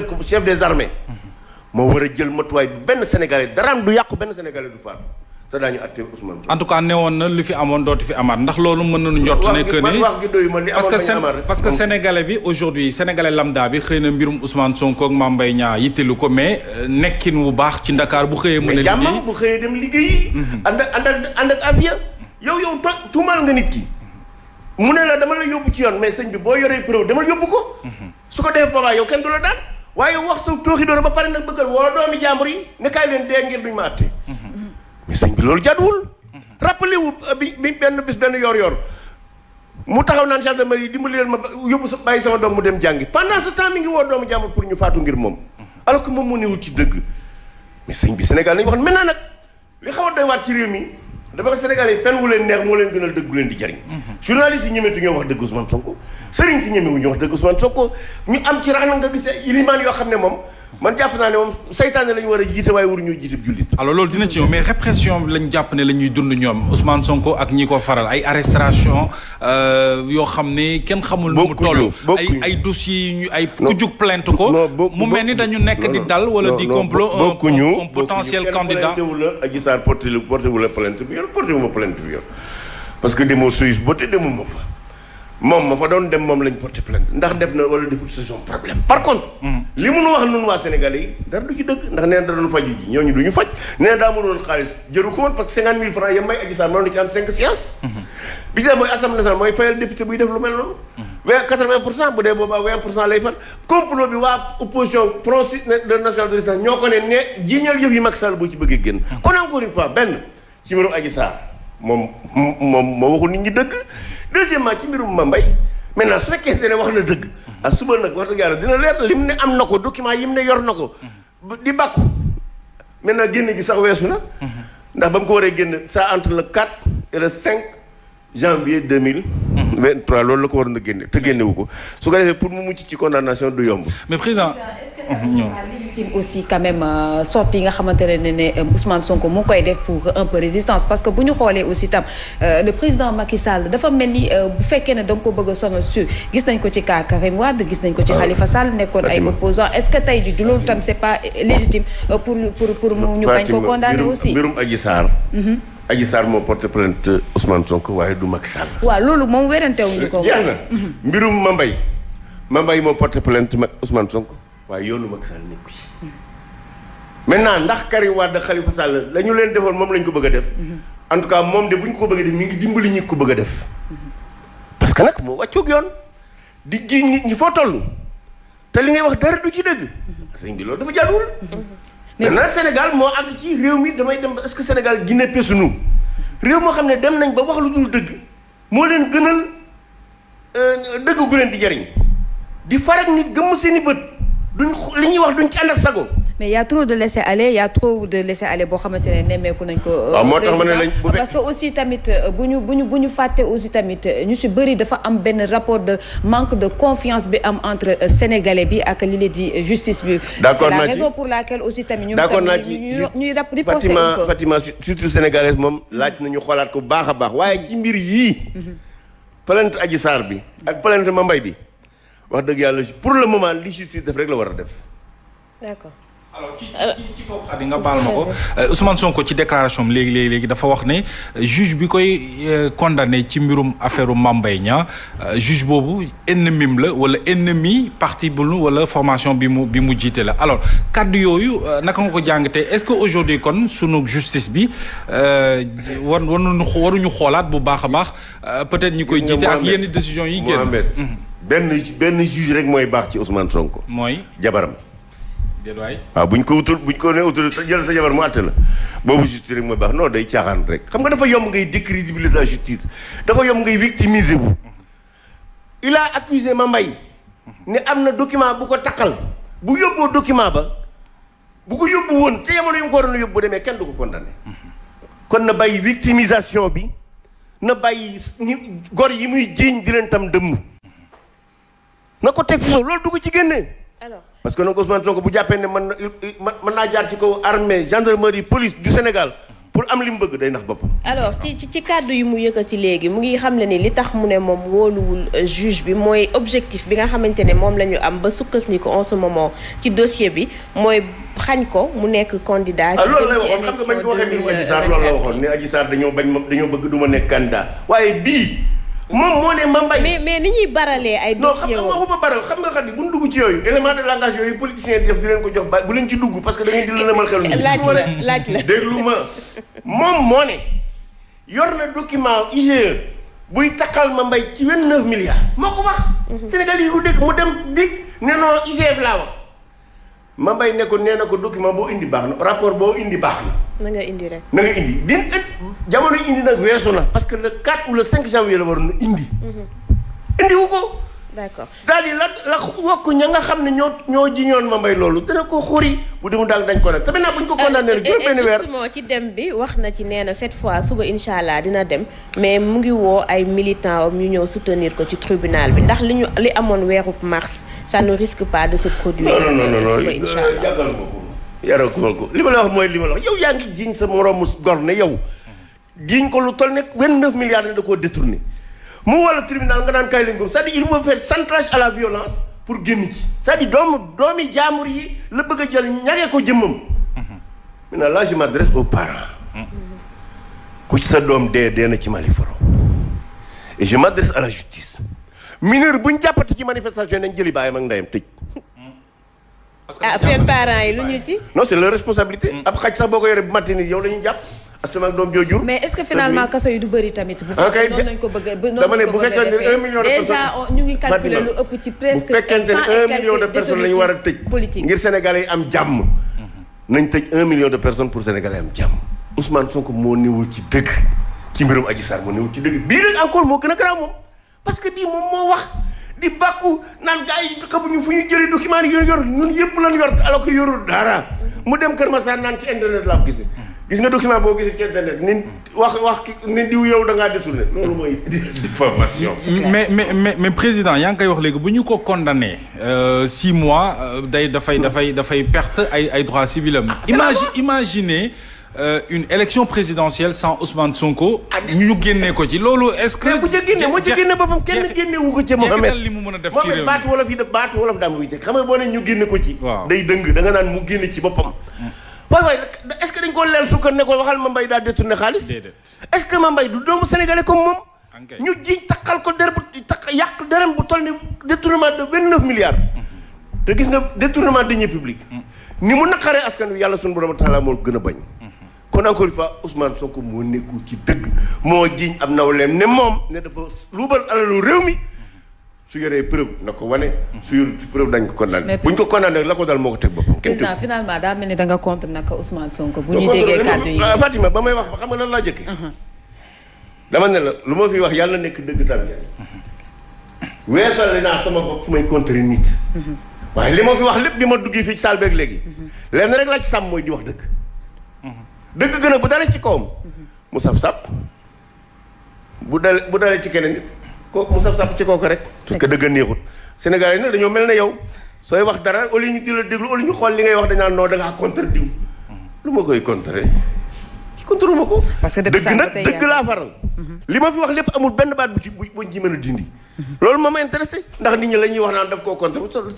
def ko chef des armées moo war a jël matuwaay bi benn sénégalais daraam du yàqu benn sénégalais du faatu te daañu àttee Ousmane en tout cas newoon na li fi amoon dootu fi amaat ndax loolu mën nañu njort ne que ni parce que sénégalais bi aujourd'hui sénégalais lambda bi xëy na mbirum Ousmane Sonko ak Mame Mbaye Niang yittelu ko mais euh, nekkin wu baax ci Ndakaar bu xëyee mën a ki mu ne la dama la yóbbu ci yoon mais sëñ bi boo yoree preuve dama yóbbu ko mhm. su ko defee boobaa waaye wax sa tooxi doon ba pare nag bëggal woo doomi jàmbur yi ne kaay leen dee ngir duñ ma àtte mais sëñ bi loolu jàdduwul rappelé wu euh, bi bi benn bis benn yor-yor mu taxaw naan gendarmerie dimbali leen ma yóbbu sa bàyyi sama doom mu dem jàngi pendant ce temps mi ngi woo doomu jàmbur pour ñu faatu ngir moom. alors que moom moo newul ci dëgg mais sëñ bi Sénégal lañu waxoon maintenant nag li xaw a doy waar ci réew mi. dafa Sénégal yi fenn wu leen neex moo leen gënal dëgg gu leen di jariñ mhm. journaliste yi ñemetu ñoo wax dëgg Ousmane Sonko sëriñ si ñemewu ñu wax dëgg Ousmane Sonko ñu am ci rax na nga gis ay ilimaan yoo xam ne moom man jàpp naa ne moom saytaane la ñu war a jiite waaye waruñoo jiite jullit. alors loolu dina ci ñëw mais répression lañ jàpp ne la dund ñoom Ousmane Sonko ak ñi ko faral ay arrestation euh, yoo xam ne kenn xamul. nu mu ay ay dossiers yu ñu ay. ku jug ko. mu mel ni dañu nekk di dal wala di complot un potentiel candidat bokkuñu bokkuñu kenn plainte wu la Adji Sarr porté wu la porté wu la plainte bi yow porté wu ma plainte bi yow parce que demoo Suisse ba te demuma fa. moom moo fa doon dem moom lañ porté plainte ndax def na wala defut c'est son problème par contre li mu wax nun waa Sénégalais yi dara du ci dëgg ndax nee na doon faju ji ñooñu du ñu faj nee daa mu doon xaalis jëru ko woon parce que cinquante mille francs yam may aji saar noonu ci am cinq séances mhm. bi ci def mooy assemblée nationale mooy fayal député buy def lu mel noonu mhm. vingt quatre vingt pour cent bu dee boobaa vingt pour cent lay far complot bi waa opposition front national de résistance ñoo ko ne ne jiiñal deuxièmement ci mbirum ma mbay maintenant su fekkee ne wax na dëgg ah suba nag wax dëgg yàlla dina leer lim ne am na ko document yim ne yor na ko di bàkku na génn gi sax weesu na ndax ba mu ko waree génn ça entre le 4 et le 5 janvier 2023 loolu la ko waroon na génne te génnewu ko su ko defee pour mu mucc ci condamnation du yomb mais Mhm, légitime aussi quand même euh, sorte yi nga xamante ne ne euh, Ousmane Sonko mu ngi koy def pour euh, un peu résistance parce que bu ñu xoolee aussi tam le président Macky Sall dafa mel ni bu fekkee ne da ko bëgg a sonal gis nañ ko ci cas Karim Wade gis nañ ko ci ah Khalifa Sall nekkoon ay opposant est-ce que tey mhm. moo porté plainte Ousmane Sonko waaye du Macky Sall waaw loolu moom werantewuñu ko jeex na mbirum Mambay Mambay moo porté plainte Ousmane Sonko waaye yoonu Macky Sall ko ci maintenant ndax Karim Wade Khalifa Sall la ñu leen defoon moom lañ ko bëgg a def mm-hmm. en tout cas moom de bu ñu ko bëgg a def mi dimbali ñi ko bëgg a def mm-hmm. parce que nag moo wàccook yoon di ji nit ñi foo toll te li ngay wax dara du ci dëgg mm-hmm. sëñ bi loolu dafa jaaduwul mais nag Sénégal moo àgg ci réew mi damay dem ba est-ce que Sénégal gi neppe sunu réew moo xam ne dem nañ ba wax lu dul dëgg moo leen gënal euh, dëgg gu leen di jariñ di farak nit gëmm seen bët duñ li ñuy wax duñ ci ànd ak sago. mais y' a trop de laisser aller y' a trop de laisser aller boo xamante ne nemmeeku nañ ko. waaw euh, ah, moo parce que aussi tamit euh, bu ñu bu ñu fàtte aussi tamit euh, ñu ci bëri dafa am benn rapport de manque de confiance bi am entre sénégalais bi ak li leen di justice bi. d' la raison pour laquelle aussi tamit. ñu ñu ñuy rap riposté ko Fatima Fatima surtout sénégalaise moom laaj nañu xoolaat ko baax a baax waaye ci mbir yii. Mhm. plainte Adji Sarr bi. ak plainte Mame Mbaye bi. wax dëgg yàlla pour le moment li justice def rek la war a def. d'accord. alors ci nga baal ma ko euh, Ousmane ko ci déclaration am léegi léegi dafa wax ne euh, juge bi koy euh, condamné ci mbirum affaire Mame Mbaye Niang juge boobu ennemi la wala ennemi parti bu wala formation bi mu bi mu jiite la alors kaddu yooyu naka nga ko jàngatee est-ce que aujourd'hui kon sunu justice bi war waruñu waruñu xoolaat bu baax a baax peut-être ñi koy jiite ak yenn décision yi génn. benn benn juge rek mooy baax ci Ousmane ko mooy jabaram. déedwaay waaw ah, bu ñu ko wutul bu ñu ko nee wutul jël sa jabar mu àtte la boobu justice rek mooy baax non day caaxaan rek xam nga dafa yomb ngay décrédibiliser la justice dafa yomb ngay victimiser wu. il a accusé ma mbay ne am na document bu ko taqal bu yóbboo document ba bu ko yóbbu woon te yamono yu mu ko waroon a yóbbu bu demee kenn du ko condamné kon na bàyyi victimisation bi na bàyyi gor yi muy jiiñ di leen tam dëmm na ko teg fi suuf loolu du ko ci génne. alors parce que nag Ousmane Sonko bu jàppee ne mën na mën naa jaar ci kaw armée gendarmerie police du Sénégal. pour am li mu bëgg day nax bopp alors ci ci ci kàddu yi mu yëkkati léegi mu ngi xam ne nii li tax mu ne moom wóoluwul euh, juge bi mooy objectif bi nga xamante ne moom la ñu am ba sukkas ni ko en ce moment ci dossier bi mooy xañ ko mu nekk candidat. ci ah, la waxoon xam nga bañ ko waxee mbirum Adji Sarr loolu la waxoon ne Adji Sarr dañoo bañ ma bëgg du ma moom moo ne ma mbay. mais mais ni ñuy baralee ay. non xam nga ma baral xam nga xam ni bu dugg ci yooyu élément de langage yooyu politiciens di def di leen ko jox ba bu leen ci dugg parce que da di lëndëmal xel. laaj la laaj la déglu moom moo ne yor na document IGE buy takkal ma mbay ci 29 milliards. moo ko wax. Mhm. Sénégal yi ko dégg mu dem dig ne non IGF e laa wax. ma mbay ne ko nee na ko document boo indi baax na rapport boo indi baax na. na nga indi rek na nga indi di eh, jamono indi nag weesu na. parce que le 4 ou le 5 janvier la waroon indi. Mhm. indi wu ko. d'accord c'est-à-dire la la wokk ña nga xam ne ñoo ñoo jiñoon ma mbay loolu dana ko xuri bu demu daal dañ ko def tamit naa bu ko condamné rek juróom benn euh, weer ci dem bi wax na ci nee na fois suba incha allah dina dem mais mu ngi woo ay militants am ñu ñëw soutenir ko ci tribunal bi ndax li ñu li amoon weerub mars ça ne risque pas de se produire. non non non non incha ko yàggal wax mooy li ma la wax yow yaa ngi jiñ sa moromu gor ne yow. jiñ ko lu toll ne 29 milliards ne da koo détourné mu wala tribunal nga naan kaay lañ ko c'est-à-dire il faut à la violence pour génn ci c'est-à-dire doomu doomi jaambur yi la bëgg a jël ñage ko jëmmam. maintenant là je m'adresse aux parents. ku ci sa doom dee dee na ci Mali foro et je m'adresse à la justice. mineur bu ñu jàppati ci manifestation yi nañ jëli baayam ak ndeyam tëj. parce que après ah, parents yi lu ñu ci. non c'est leur responsabilité. Mm. ab xaj sax boo ko yoree bu matin yow la jàpp. asama doom joojur. mais est-ce que finalement kaso yi du bëri tamit. bu fekkee noonu a un million de personnes. ñu ngi calculer lu ëpp ci presque. bu fekkente ne un million de personnes la ñu war a tëj. politique ngir sénégalais yi am jàmm. Mm-hmm. nañ tëj un million de personnes pour sénégalais am jàmm. Ousmane Sonko moo néewul ci dëgg ci mbirum Adji Sarr moo néewul ci dëgg bii nag encore moo gën a garaaw moom parce que bii moom moo wax di bàkku naan gars yi xamuñu fu ñuy jëlee document yi yooyu ñun yëpp lañ yor alors que yorul dara mu dem Kër Massar naan ci internet laa ko gisee. gis nga document boo gisee ci internet ni wax wax ni diw yow da ngaa détourné loolu mooy diffamation. mais mais mais mais président yaa ngi koy wax léegi bu ñu ko condamné euh, six mois euh, day dafay dafay dafay perte ay ay droits civils am. imagine imaginez. Euh, une élection présidentielle sans Ousmane Sonko. ñu génnee ko ci loolu est-ce que. bu ca génne moo ca génne boppam kenn génne wu ko ci Mohamed li mu a def ci réew mi baatu wolof yi da baatu boo ne ñu génne ko ci. waaw day dëng da nga naan mu génne ci boppam. waay mm. waay est-ce que dañ ko leel sukkar ne waxal ma mbay daa détourné xaalis. déedéet est-ce que ma mbay du doomu sénégalais comme moom. ñu ji takkal ko der bu takk yàq dërëm bu toll ni détournement de 29 milliards. Mm-hmm. te gis nga détournement deniers publics. Mm. ni mu naqaree askan wi yàlla a bañ kon encore une fois Ousmane Sonko moo nekkul ci dëgg moo jiiñ ab nawleem ne moom ne dafa luubal alalu réew mi su yoree preuve na ko wane. su dañ ko condamné. bu ñu ko condamné la ko dal moo ko teg boppam. kenn président finalement daa mel ni da nga contre naka Ousmane Sonko. bu ñu déggee euh, ba may wax ba xam nga lan laa jëkkee. Uh-huh. dama ne la lu ma fi wax yàlla nekk dëgg tam uh-huh. weesal naa sama bopp may contrer nit. Uh-huh. waaye li ma fi wax lépp bi ma duggee fii ci léegi. lenn rek laa ci sàmm mooy di wax dëgg. dëgg gën a bu dalee ci kawam mu saf-saf bu dale bu dalee ci keneen kooku mu saf-saf ci kooku rek parce que dëgg neexut Sénégal yi ne dañoo mel ne yow sooy wax dara au ñu di la déglu au lieu ñu xool li ngay wax dañ naan non da ngaa contre diw mm-hmm. lu ma koy contrer contre ma ko parce que dëgg nag dëgg laa faral mm-hmm. li ma fi wax lépp amul benn baat bu ci bu ci mën a dindi mm-hmm. loolu moo ma ndax nit ñi la ñuy wax naan daf koo contre